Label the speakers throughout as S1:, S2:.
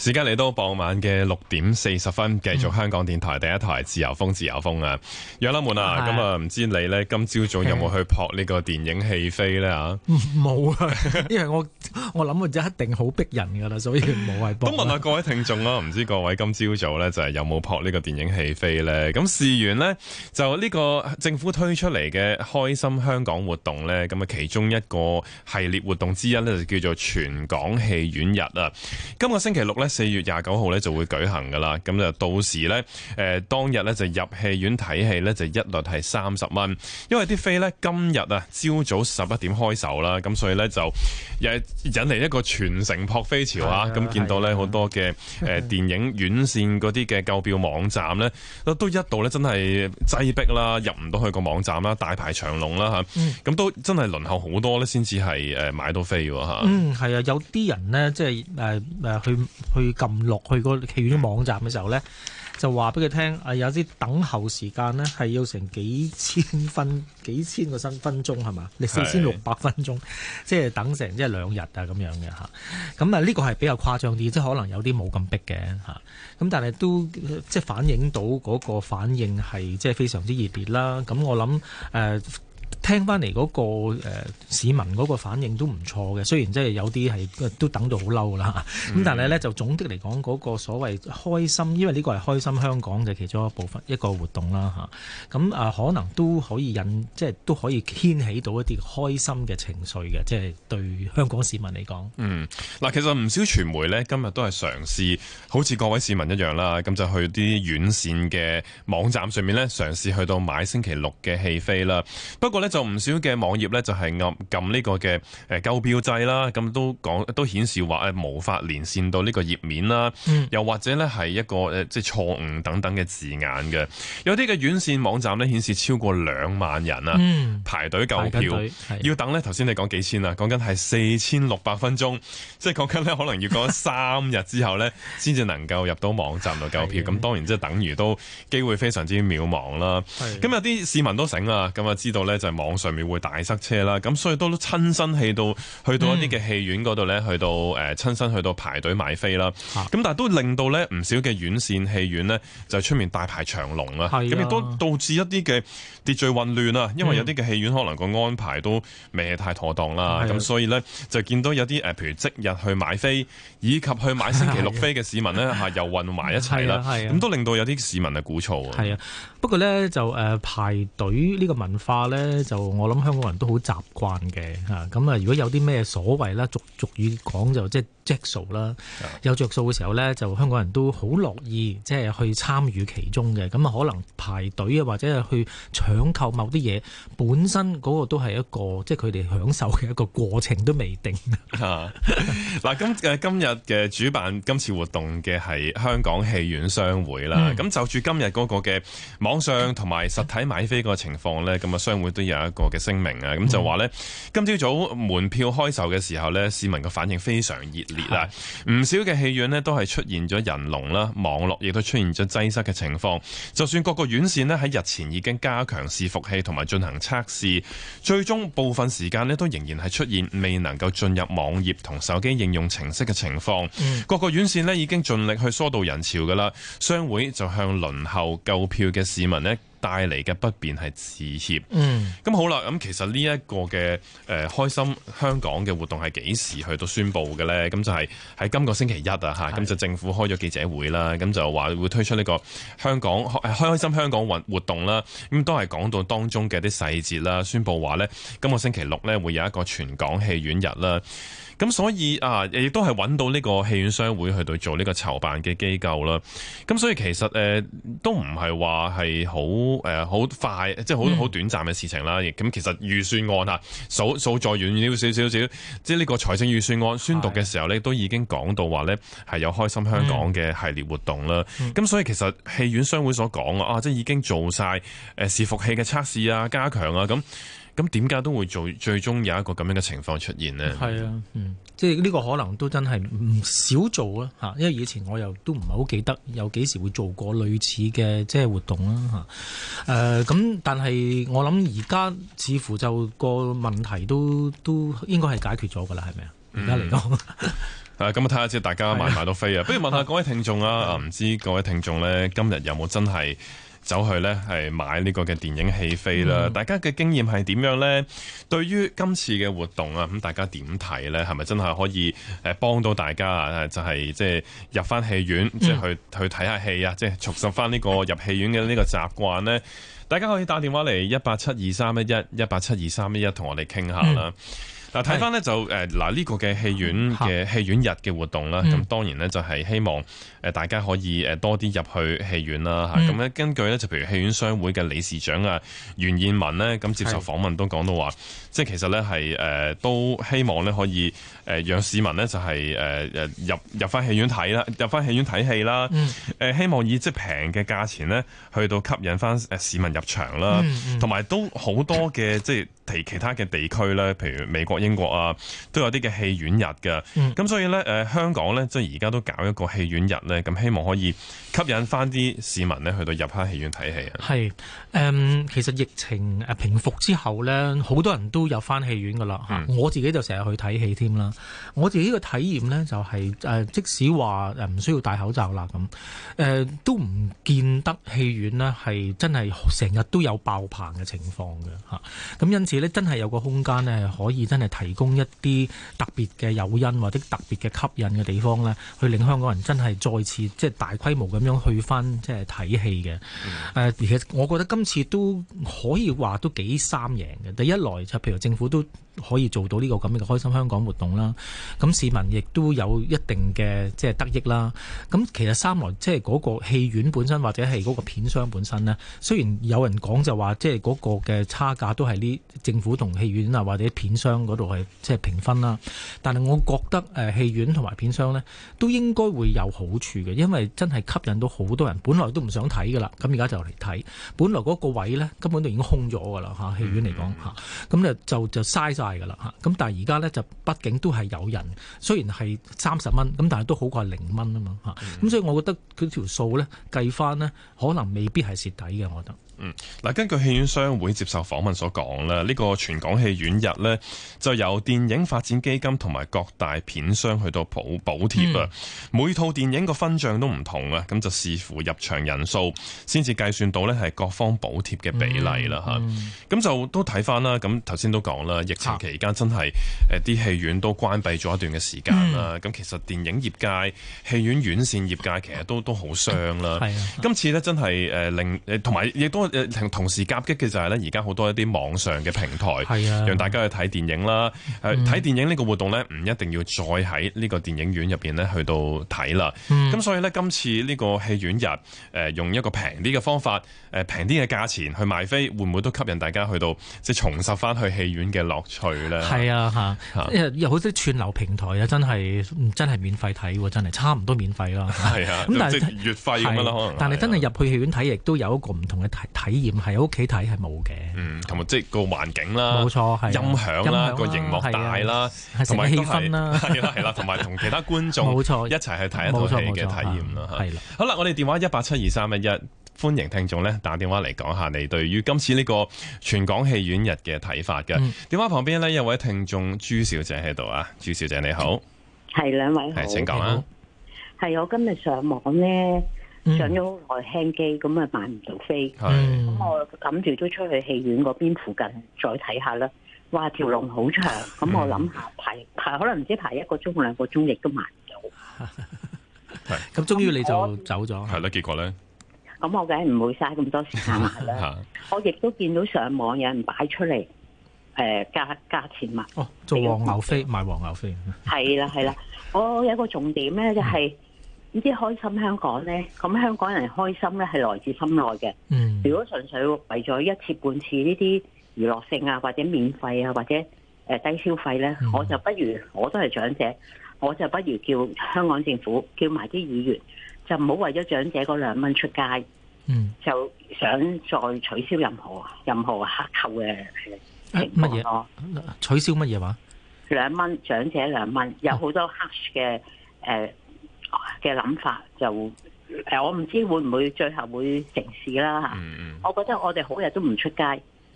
S1: 時間嚟到傍晚嘅六點四十分，繼續香港電台第一台、嗯、自由風，自由風啊！楊立門啊，咁啊，唔、嗯、知你咧今朝早有冇去撲呢個電影戲飛咧啊，
S2: 冇 啊，因為我我諗就一定好逼人噶啦，所以冇係咁問
S1: 下各位聽眾咯，啊，唔知各位今朝早咧就係、是、有冇撲呢個電影戲飛咧？咁事緣呢，就呢個政府推出嚟嘅開心香港活動咧，咁啊其中一個系列活動之一咧就叫做全港戲院日啊！今個星期六咧。四月廿九號咧就會舉行噶啦，咁就到時咧，誒、呃、當日咧就入戲院睇戲咧就一律係三十蚊，因為啲飛咧今日啊朝早十一點開售啦，咁所以咧就又引嚟一個全城撲飛潮啊！咁、啊、見到咧好、啊、多嘅誒、呃、電影院線嗰啲嘅購票網站咧都一度咧真係擠迫啦，入唔到去個網站啦，大排長龍啦吓，咁、啊嗯、都真係輪候好多咧先至係誒買到飛吓。嗯、啊，係啊，有
S2: 啲人咧即係誒誒去。去去撳落去個戲院網站嘅時候咧，就話俾佢聽啊，有啲等候時間咧係要成幾千分、幾千個分分鐘係嘛？你四千六百分鐘，即係的等成即係兩日啊咁樣嘅嚇。咁啊呢、呢個係比較誇張啲，即係可能有啲冇咁逼嘅嚇。咁、啊、但係都即係反映到嗰個反應係即係非常之熱烈啦。咁我諗誒。呃聽翻嚟嗰個誒市民嗰個反應都唔錯嘅，雖然即係有啲係都等到好嬲啦，咁但係呢就總的嚟講，嗰個所謂開心，因為呢個係開心香港嘅其中一部分一個活動啦吓，咁啊可能都可以引，即係都可以牽起到一啲開心嘅情緒嘅，即係對香港市民嚟講。
S1: 嗯，嗱其實唔少傳媒呢，今日都係嘗試，好似各位市民一樣啦，咁就去啲遠線嘅網站上面呢，嘗試去到買星期六嘅戲飛啦。不過呢。就唔少嘅網頁咧，就係、是、按撳呢個嘅誒購票掣啦，咁都講都顯示話誒無法連線到呢個頁面啦，嗯、又或者咧係一個誒即係錯誤等等嘅字眼嘅。有啲嘅院線網站咧，顯示超過兩萬人啊，嗯、排隊購票隊要等咧。頭先你講幾千啊，講緊係四千六百分鐘，即係講緊咧可能要過三日之後咧，先至 能夠入到網站度購票。咁的當然即係等於都機會非常之渺茫啦。咁的有啲市民都醒啦，咁啊知道咧就是。網上面會大塞車啦，咁所以都親身去到一些戲院去到一啲嘅戲院嗰度呢，嗯、去到誒親、呃、身去到排隊買飛啦，咁、啊、但係都令到呢唔少嘅院線戲院呢，就出面大排長龍啦，咁亦都導致一啲嘅秩序混亂啊，因為有啲嘅戲院可能個安排都未太妥當啦，咁、啊、所以呢，就見到有啲誒譬如即日去買飛以及去買星期六飛嘅市民呢，吓、啊、又混埋一齊啦，咁都令到有啲市民係鼓噪啊。係啊，
S2: 不過呢，就誒、呃、排隊呢個文化呢。就我諗香港人都好習慣嘅吓，咁啊如果有啲咩所謂啦，俗俗語講就即係着數啦，有着數嘅時候咧，就香港人都好樂意即係、就是、去參與其中嘅，咁啊可能排隊啊或者係去搶購某啲嘢，本身嗰個都係一個即係佢哋享受嘅一個過程都未定嚇
S1: Yeah. 嗱今誒今日嘅主辦今次活動嘅係香港戲院商會啦，咁、mm. 就住今日嗰個嘅網上同埋實體買飛個情況咧，咁啊商會都有。一個嘅聲明啊，咁就話呢，今朝早門票開售嘅時候呢，市民嘅反應非常熱烈啦，唔少嘅戲院呢，都係出現咗人龍啦，網絡亦都出現咗擠塞嘅情況。就算各個院線呢，喺日前已經加強伺服器同埋進行測試，最終部分時間呢，都仍然係出現未能夠進入網頁同手機應用程式嘅情況。嗯、各個院線呢，已經盡力去疏導人潮噶啦，商會就向輪候購票嘅市民呢，帶嚟嘅不便係致歉。嗯，咁好啦，咁其實呢一個嘅誒、呃、開心香港嘅活動係幾時去到宣佈嘅呢？咁就係喺今個星期一嚇啊，咁就政府開咗記者會啦，咁就話會推出呢個香港、啊、開心香港運活動啦，咁都係講到當中嘅啲細節啦，宣佈話呢，今個星期六呢會有一個全港戲院日啦。咁所以啊，亦都係揾到呢個戲院商會去到做呢個籌辦嘅機構啦。咁所以其實誒、呃、都唔係話係好誒好快，即係好好短暫嘅事情啦。咁、嗯、其實預算案啊，數數再遠遠少少少，即係呢個財政預算案宣讀嘅時候咧，的都已經講到話咧係有開心香港嘅系列活動啦。咁、嗯、所以其實戲院商會所講啊，即、就、係、是、已經做晒誒、呃、伺服器嘅測試啊、加強啊咁。咁點解都會做？最終有一個咁樣嘅情況出現呢？
S2: 係啊，嗯，即係呢個可能都真係唔少做啦嚇，因為以前我又都唔係好記得有幾時會做過類似嘅即係活動啦嚇。咁、呃、但係我諗而家似乎就個問題都都應該係解決咗㗎啦，係咪、嗯、 啊？而
S1: 家嚟講，誒，咁啊睇下先，大家買唔買到飛啊！不如問下各位聽眾啊，唔、啊、知各位聽眾咧今日有冇真係？走去呢係買呢個嘅電影戲飛啦！嗯、大家嘅經驗係點樣呢？對於今次嘅活動啊，咁大家點睇呢？係咪真係可以誒幫到大家啊？就係即係入翻戲院，即係去、嗯、去睇下戲啊！即係重拾翻呢個入戲院嘅呢個習慣呢。大家可以打電話嚟一八七二三一一一八七二三一一同我哋傾下啦。嗯嗱，睇翻咧就誒，嗱呢個嘅戲院嘅戲院日嘅活動啦，咁、嗯、當然咧就係希望誒大家可以誒多啲入去戲院啦，吓咁咧根據咧就譬如戲院商會嘅理事長啊袁燕文咧咁接受訪問都講到話，即係、嗯、其實咧係誒都希望咧可以誒讓市民咧就係誒誒入入翻戲院睇啦，入翻戲院睇戲啦，誒、嗯、希望以即係平嘅價錢咧去到吸引翻誒市民入場啦，同埋都好多嘅即係提其他嘅地區咧，譬如美國。英國啊，都有啲嘅戲院日㗎。咁、嗯、所以呢、呃，香港呢，即係而家都搞一個戲院日呢，咁希望可以吸引翻啲市民呢去到入翻戲院睇戲啊。係、
S2: 嗯、其實疫情平復之後呢，好多人都有翻戲院噶啦、嗯。我自己就成日去睇戲添啦。我自己呢個體驗呢、就係，就係即使話唔需要戴口罩啦咁、呃，都唔見得戲院呢係真係成日都有爆棚嘅情況嘅嚇。咁因此呢，真係有個空間呢，可以真係。提供一啲特別嘅誘因或者特別嘅吸引嘅地方咧，去令香港人真係再次即係、就是、大規模咁樣去翻即係睇戲嘅、嗯呃。而且我覺得今次都可以話都幾三贏嘅。第一來就譬如政府都，可以做到呢個咁嘅開心香港活動啦，咁市民亦都有一定嘅即係得益啦。咁其實三來即係嗰個戲院本身或者係嗰個片商本身咧，雖然有人講就話即係嗰個嘅差價都係呢政府同戲院啊或者片商嗰度係即係平分啦，但係我覺得誒戲院同埋片商咧都應該會有好處嘅，因為真係吸引到好多人，本來都唔想睇噶啦，咁而家就嚟睇，本來嗰個位咧根本就已經空咗嘅啦吓，戲院嚟講吓，咁咧就就嘥晒。係噶啦吓，咁但係而家咧，就，畢竟都係有人，雖然係三十蚊，咁但係都好過零蚊啊嘛吓，咁所以我覺得佢條數咧計翻，咧，可能未必係蝕底嘅，我覺得。嗯，
S1: 嗱，根據戲院商會接受訪問所講咧，呢、這個全港戲院日咧就由電影發展基金同埋各大片商去到補補貼啊，嗯、每套電影個分賬都唔同啊，咁就視乎入場人數，先至計算到咧係各方補貼嘅比例啦吓，咁、嗯嗯嗯、就都睇翻啦，咁頭先都講啦，疫情。期間真係誒啲戲院都關閉咗一段嘅時間啦，咁、嗯、其實電影業界戲院院線業界其實都都好傷啦。係啊，啊今次咧真係誒令誒同埋亦都誒、呃、同時夾擊嘅就係咧，而家好多一啲網上嘅平台，係啊，讓大家去睇電影啦，誒睇、嗯啊、電影呢個活動咧，唔一定要再喺呢個電影院入邊咧去到睇啦。咁、嗯啊、所以咧，今次呢個戲院日誒、呃、用一個平啲嘅方法，誒平啲嘅價錢去賣飛會唔會都吸引大家去到即係、就是、重拾翻去戲院嘅樂趣。去啦，係啊，
S2: 嚇！又好似串流平台啊，真係真係免費睇喎，真係差唔多免費啦，
S1: 係啊。咁但係即係月費咁樣咯。但係
S2: 真係入去戲院睇，亦都有一個唔同嘅體體驗，喺屋企睇係冇嘅。
S1: 嗯，同埋即係個環境啦，冇錯，係音響啦，個熒幕大啦，同埋氣氛啦，係啦係啦，同埋同其他觀眾冇錯一齊去睇一套戲嘅體驗啦。係啦，好啦，我哋電話一八七二三一一。歡迎聽眾咧打電話嚟講下你對於今次呢個全港戲院日嘅睇法嘅。電話旁邊呢，有位聽眾朱小姐喺度啊，朱小姐你好，
S3: 係兩位好，請講啊。係我今日上網咧上咗好耐輕機，咁啊、嗯、買唔到飛，咁是我諗住都出去戲院嗰邊附近再睇下啦。哇，條龍好長，咁我諗下排排可能唔知排一個鐘兩個鐘亦都買唔到。係
S1: 咁，終於你就走咗？係啦我，結果咧。
S3: 咁我梗係唔會嘥咁多時間啦。我亦都見到上網有人擺出嚟，誒價價錢嘛，哦
S1: 做
S2: 黃牛飛賣黃牛飛。
S3: 係啦係啦，我有一個重點咧，就係呢啲開心香港咧，咁香港人開心咧係來自心內嘅。嗯，如果純粹為咗一次半次呢啲娛樂性啊，或者免費啊，或者低消費咧，嗯、我就不如我都係長者，我就不如叫香港政府叫埋啲議員。就唔好為咗長者嗰兩蚊出街，嗯、就想再取消任何任何苛扣嘅
S2: 乜嘢取消乜嘢話？
S3: 兩蚊長者兩蚊，有好多黑嘅誒嘅諗法，就誒、啊呃、我唔知會唔會最後會成事啦嚇。嗯、我覺得我哋好日都唔出街。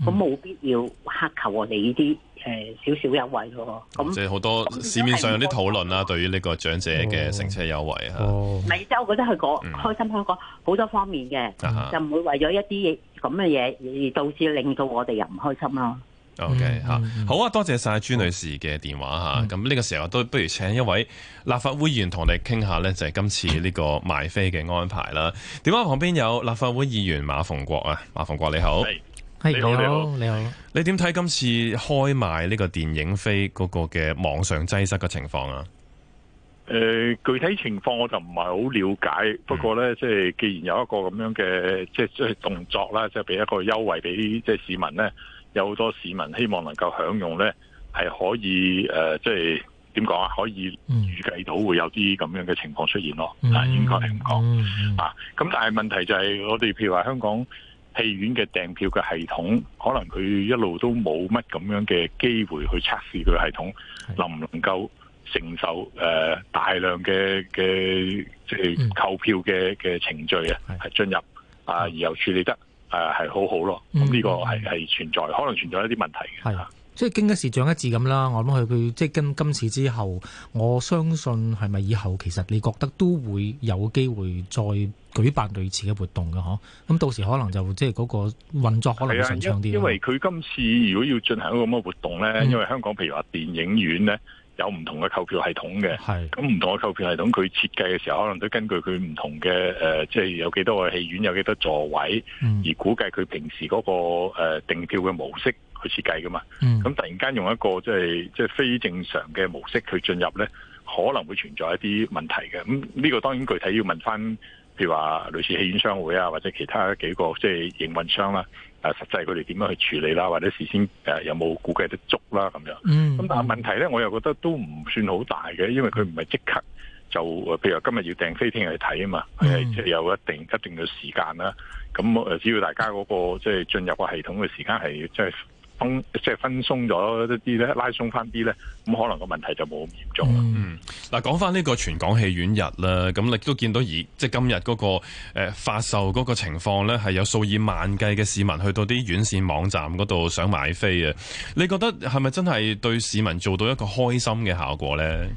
S3: 咁冇、嗯、必要克扣我哋呢啲誒少少優惠咯。
S1: 咁即係好多市面上有啲討論啦，對於呢個長者嘅乘車優惠吓。唔
S3: 係、哦、即、哦、我覺得佢個開心香港好多方面嘅，啊、哈就唔會為咗一啲嘢咁嘅嘢而導致令到我哋又唔開心
S1: 啦。OK 吓、嗯，嗯嗯、好啊，多謝晒朱女士嘅電話吓。咁呢、嗯、個時候都不如請一位立法會議員同你傾下呢，就係今次呢個賣飛嘅安排啦。電話旁邊有立法會議員馬逢國啊，馬逢國你好。
S4: 你好，你好，你好。
S1: 你點睇今次開賣呢個電影飛嗰個嘅網上擠塞嘅情況啊？
S4: 誒、呃，具體情況我就唔係好了解。嗯、不過呢，即係既然有一個咁樣嘅即係即係動作啦，即係俾一個優惠俾啲即係市民呢，有好多市民希望能夠享用呢，係可以誒、呃，即係點講啊？可以預計到會有啲咁樣嘅情況出現咯。啊，應該係咁講啊。咁但係問題就係我哋譬如話香港。戲院嘅訂票嘅系統，可能佢一路都冇乜咁樣嘅機會去測試佢嘅系統，能唔能夠承受誒、呃、大量嘅嘅即係購票嘅嘅程序啊，係進、嗯、入啊，呃、的而又處理得誒係好好咯。咁呢、嗯、個係係存在，可能存在一啲問題嘅。
S2: 即係經一事長一智咁啦，我諗佢佢即係今今次之後，我相信係咪以後，其實你覺得都會有機會再舉辦類似嘅活動嘅？嗬，咁到時可能就即係嗰個運作可能順暢啲。因為
S4: 佢今次如果要進行一個咁嘅活動呢，嗯、因為香港譬如話電影院呢，有唔同嘅購票系統嘅，咁唔同嘅購票系統佢設計嘅時候，可能都根據佢唔同嘅誒，即、呃、係、就是、有幾多個戲院有幾多座位，嗯、而估計佢平時嗰、那個誒訂、呃、票嘅模式，佢設計㗎嘛？咁、嗯、突然間用一個即係即係非正常嘅模式去進入咧，可能會存在一啲問題嘅。咁、嗯、呢、呢個當然具體要問翻，譬如話類似戲院商會啊，或者其他幾個即係營運商啦、啊。誒、啊，實際佢哋點樣去處理啦、啊？或者事先誒、啊、有冇估計得足啦、啊？咁樣。咁、嗯、但係問題咧，我又覺得都唔算好大嘅，因為佢唔係即刻就譬如話今日要訂飛天去睇啊嘛。係即係有一定一定嘅時間啦、啊。咁誒，只要大家嗰、嗰個即係、即係、進入個系統嘅時間係即係。即係分即係分鬆咗啲咧，拉鬆翻啲咧，咁可能個問題就冇咁嚴
S1: 重啦。嗯，嗱，講翻呢個全港戲院日啦，咁你都見到以即係今日嗰、嗰個誒、呃、發售嗰個情況咧，係有數以萬計嘅市民去到啲院線網站嗰度想買飛啊！你覺得係咪真係對市民做到一個開心嘅效果咧？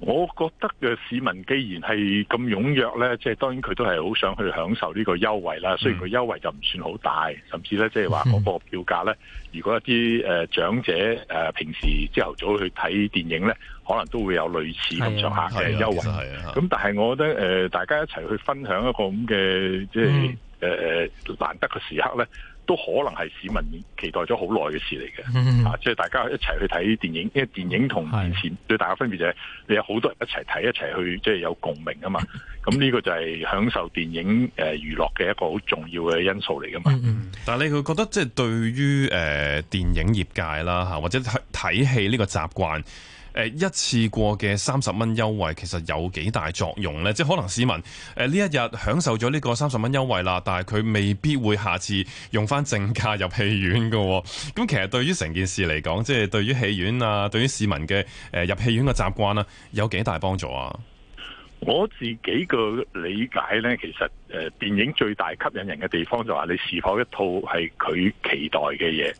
S4: 我覺得嘅市民既然係咁踴躍呢，即係當然佢都係好想去享受呢個優惠啦。雖然個優惠就唔算好大，嗯、甚至呢，即係話嗰個票價呢，如果一啲誒、呃、長者誒平時朝頭早去睇電影呢，可能都會有類似咁、嗯、上下嘅優惠。咁、啊啊、但係我覺得誒、呃，大家一齊去分享一個咁嘅即係誒難得嘅時刻呢。都可能係市民期待咗好耐嘅事嚟嘅。嗯，即係大家一齊去睇電影，因為電影同電視是的 對大家分別就係、是、你有好多人一齊睇，一齊去即係、就是、有共鳴啊嘛。咁呢個就係享受電影誒娛樂嘅一個好重要嘅因素嚟噶嘛。
S1: 但係你會覺得即係對於誒電影業界啦吓，或者睇睇戲呢個習慣。一次過嘅三十蚊優惠其實有幾大作用呢？即係可能市民誒呢一日享受咗呢個三十蚊優惠啦，但係佢未必會下次用翻正價入戲院㗎喎。咁其實對於成件事嚟講，即係對於戲院啊，對於市民嘅入戲院嘅習慣啦、啊，有幾大幫助啊？
S4: 我自己嘅理解呢，其實誒電影最大吸引人嘅地方就係你是否一套係佢期待嘅嘢。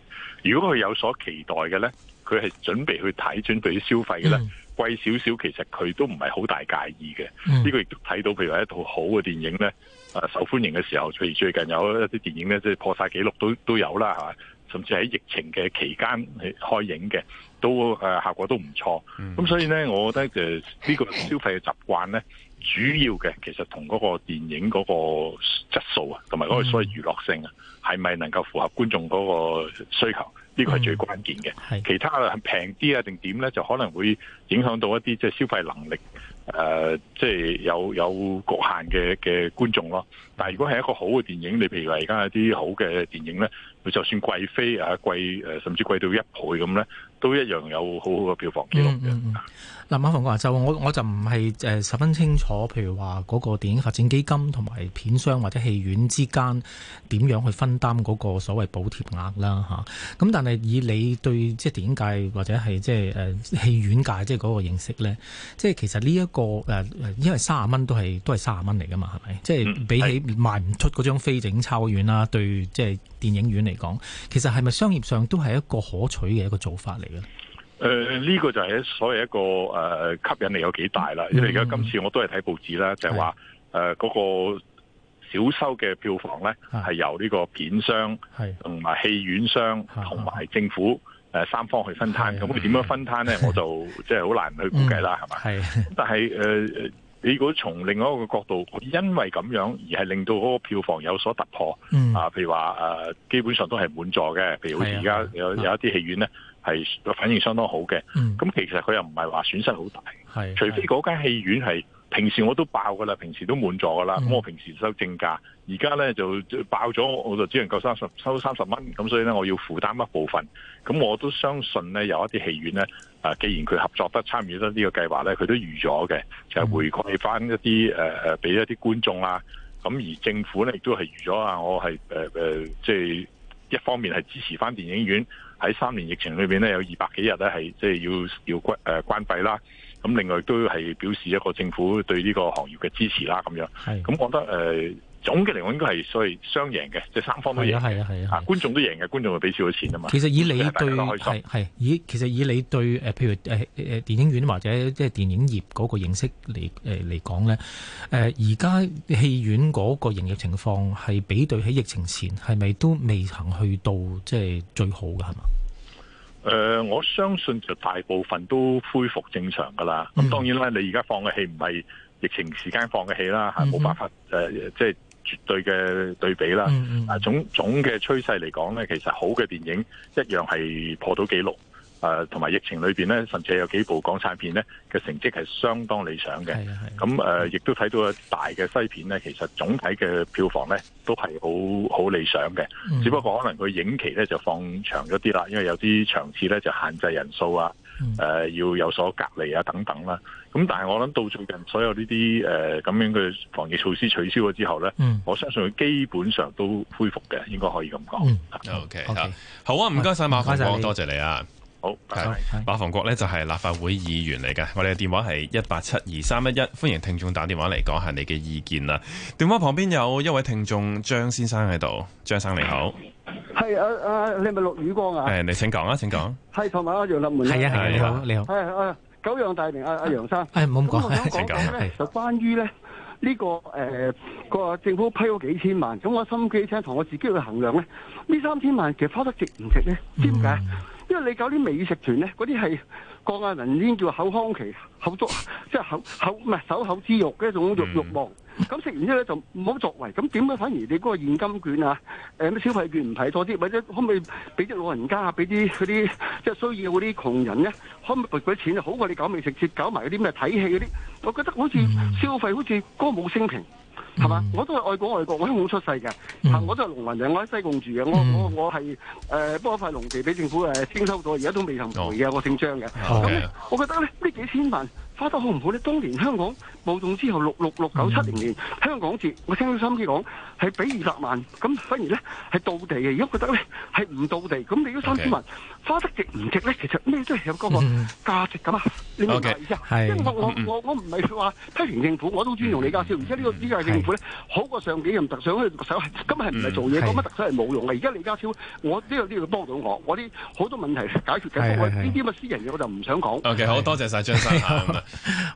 S4: 如果佢有所期待嘅呢？佢係準備去睇，準備去消費嘅咧，貴少少其實佢都唔係好大介意嘅。呢、嗯、個亦都睇到，譬如話一套好嘅電影咧、呃，受歡迎嘅時候，譬如最近有一啲電影咧，即係破晒紀錄都都有啦，係、啊、嘛，甚至喺疫情嘅期間開影嘅，都誒、呃、效果都唔錯。咁、嗯、所以咧，我覺得就呢、這個消費嘅習慣咧，主要嘅其實同嗰個電影嗰個質素啊，同埋嗰個所謂娛樂性啊，係咪、嗯、能夠符合觀眾嗰個需求？呢個係最關鍵嘅，嗯、其他平啲啊定點咧，就可能會影響到一啲即係消費能力，誒、呃，即係有有侷限嘅嘅觀眾咯。但係如果係一個好嘅電影，你譬如話而家有啲好嘅電影咧，佢就算貴飛啊貴誒，甚至貴到一倍咁咧，都一樣有好好嘅票房記
S2: 錄嘅嗱、嗯嗯嗯，馬逢國，就我我就唔係誒十分清楚，譬如話嗰個電影發展基金同埋片商或者戲院之間點樣去分擔嗰個所謂補貼額啦嚇。咁、啊、但係以你對即係電影界或者係即係誒戲院界即係嗰個認識咧，即係其實呢、這、一個誒、呃，因為卅蚊都係都係卅蚊嚟噶嘛，係咪？即係、嗯、比起賣唔出嗰張飛整抄院啦，對即係電影院嚟講，其實係咪商業上都係一個可取嘅一個做法嚟？
S4: 誒，呢個就係所謂一個誒吸引力有幾大啦，因為而家今次我都係睇報紙啦，就係話誒嗰個少收嘅票房咧係由呢個片商同埋戲院商同埋政府誒三方去分攤，咁你點樣分攤咧，我就即係好難去估計啦，係咪？係，但係誒，你如果從另外一個角度，因為咁樣而係令到嗰個票房有所突破，啊，譬如話誒基本上都係滿座嘅，譬如好似而家有有一啲戲院咧。係反應相當好嘅，咁、嗯、其實佢又唔係話損失好大，除非嗰間戲院係平時我都爆㗎啦，平時都滿座㗎啦。嗯、我平時收正價，而家呢就爆咗，我就只能夠 30, 收三十收三十蚊，咁所以呢，我要負擔一部分。咁我都相信呢，有一啲戲院呢，啊，既然佢合作得參與得呢個計劃呢，佢都預咗嘅，就係、是、回饋翻一啲誒俾一啲觀眾啦、啊、咁而政府呢，亦都係預咗啊，我係誒即係一方面係支持翻電影院。喺三年疫情裏邊咧，有二百幾日咧係即係要要關誒關閉啦。咁另外都係表示一個政府對呢個行業嘅支持啦。咁樣，咁我覺得誒。總嘅嚟講應該係所謂雙贏嘅，即、就是、三方面贏。啊係啊係啊！啊觀眾都贏嘅，觀眾會俾少咗錢啊嘛。其實以你對
S2: 係以其實以你對誒譬如誒誒電影院或者即係電影業嗰個認識嚟誒嚟講咧，誒而家戲院嗰個營業情況係比對喺疫情前係咪都未曾去到即係最好嘅係嘛？
S4: 誒、呃、我相信就大部分都恢復正常㗎啦。咁、嗯、當然啦，你而家放嘅戲唔係疫情時間放嘅戲啦，係冇、嗯嗯、辦法誒、呃、即係。絕對嘅對比啦，mm hmm. 啊總總嘅趨勢嚟講咧，其實好嘅電影一樣係破到紀錄，誒同埋疫情裏面，咧，甚至有幾部港產片咧嘅成績係相當理想嘅。咁誒、mm，亦、hmm. 嗯啊、都睇到大嘅西片咧，其實總體嘅票房咧都係好好理想嘅，mm hmm. 只不過可能佢影期咧就放長咗啲啦，因為有啲場次咧就限制人數啊。誒、嗯呃，要有所隔離啊，啊，等等啦。咁但係我諗到最近所有呢啲誒咁樣嘅防疫措施取消咗之後咧，嗯、我相信佢基本上都恢復嘅，應該可以咁講。嗯、o、okay,
S1: K，okay 好啊，唔該晒馬逢國，謝謝多謝你啊。好，是對馬逢國咧就係立法會議員嚟嘅。我哋嘅電話係一八七二三一一，歡迎聽眾打電話嚟講下你嘅意見啦。電話旁邊有一位聽眾張先生喺度，張生你好。
S5: 係啊阿你係咪陸宇光啊？係，
S1: 你請講啊，請講。
S5: 係同埋阿楊立文。係啊，係啊，你好，你好。係啊，久仰大名阿阿楊生。冇唔好咁講，係請講說。的就關於咧呢個誒個、呃、政府批咗幾千萬，咁我心機請同我自己去衡量咧呢三千萬，其實花得值唔值呢點解、嗯？因為你搞啲美食團咧，嗰啲係個亞人已經叫口腔期口足，即係口口唔係手口之慾嗰種慾慾望。嗯咁食 完之後咧就唔好作為，咁點解反而你嗰個現金券啊、誒、呃、咩消費券唔派多啲，或者可唔可以俾啲老人家啊、俾啲啲即係需要嗰啲窮人咧，可唔可撥嗰錢好過你搞美食節，搞埋啲咩睇戲嗰啲？我覺得好似消費、嗯、好似嗰個歌舞升平，係嘛、嗯？我都係愛港愛國，我都冇出世嘅、嗯，我都係農民嚟，我喺西貢住嘅、嗯，我我、呃、幫我係誒幫塊農地俾政府誒徵收咗，而家都未到。而家我姓張嘅。咁我覺得咧呢幾千萬。花得好唔好咧？當年香港暴動之後，六六六九七零年香港節，我聽到三子講係俾二百萬，咁反而咧係到地嘅。如果覺得咧係唔到地，咁你呢三千萬花得值唔值咧？其實咩都係有嗰個價值㗎嘛。你明白意思呀？因為我我我唔係話批評政府，我都尊重李家超。而家呢個呢個政府咧，好過上幾任特首去手，咁係唔係做嘢？咁樣特首係冇用嘅。而家李家超，我呢度呢個幫到我，我啲好多問題解決緊。我呢啲咁嘅私人嘢我就唔想講。OK，好
S1: 多謝晒張生。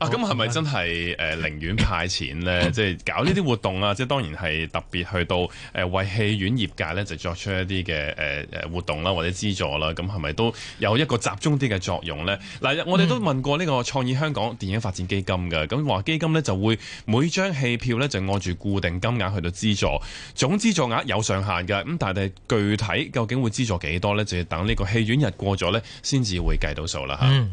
S1: 好啊，咁係咪真係誒，寧願派錢呢？即係 搞呢啲活動啊！即、就、係、是、當然係特別去到誒、呃，為戲院業界呢，就作出一啲嘅誒誒活動啦，或者資助啦。咁係咪都有一個集中啲嘅作用呢？嗱、嗯，我哋都問過呢個創意香港電影發展基金嘅。咁話基金呢，就會每張戲票呢，就按住固定金額去到資助，總資助額有上限嘅。咁但係具體究竟會資助幾多呢？就要等呢個戲院日過咗呢，先至會計到數啦吓。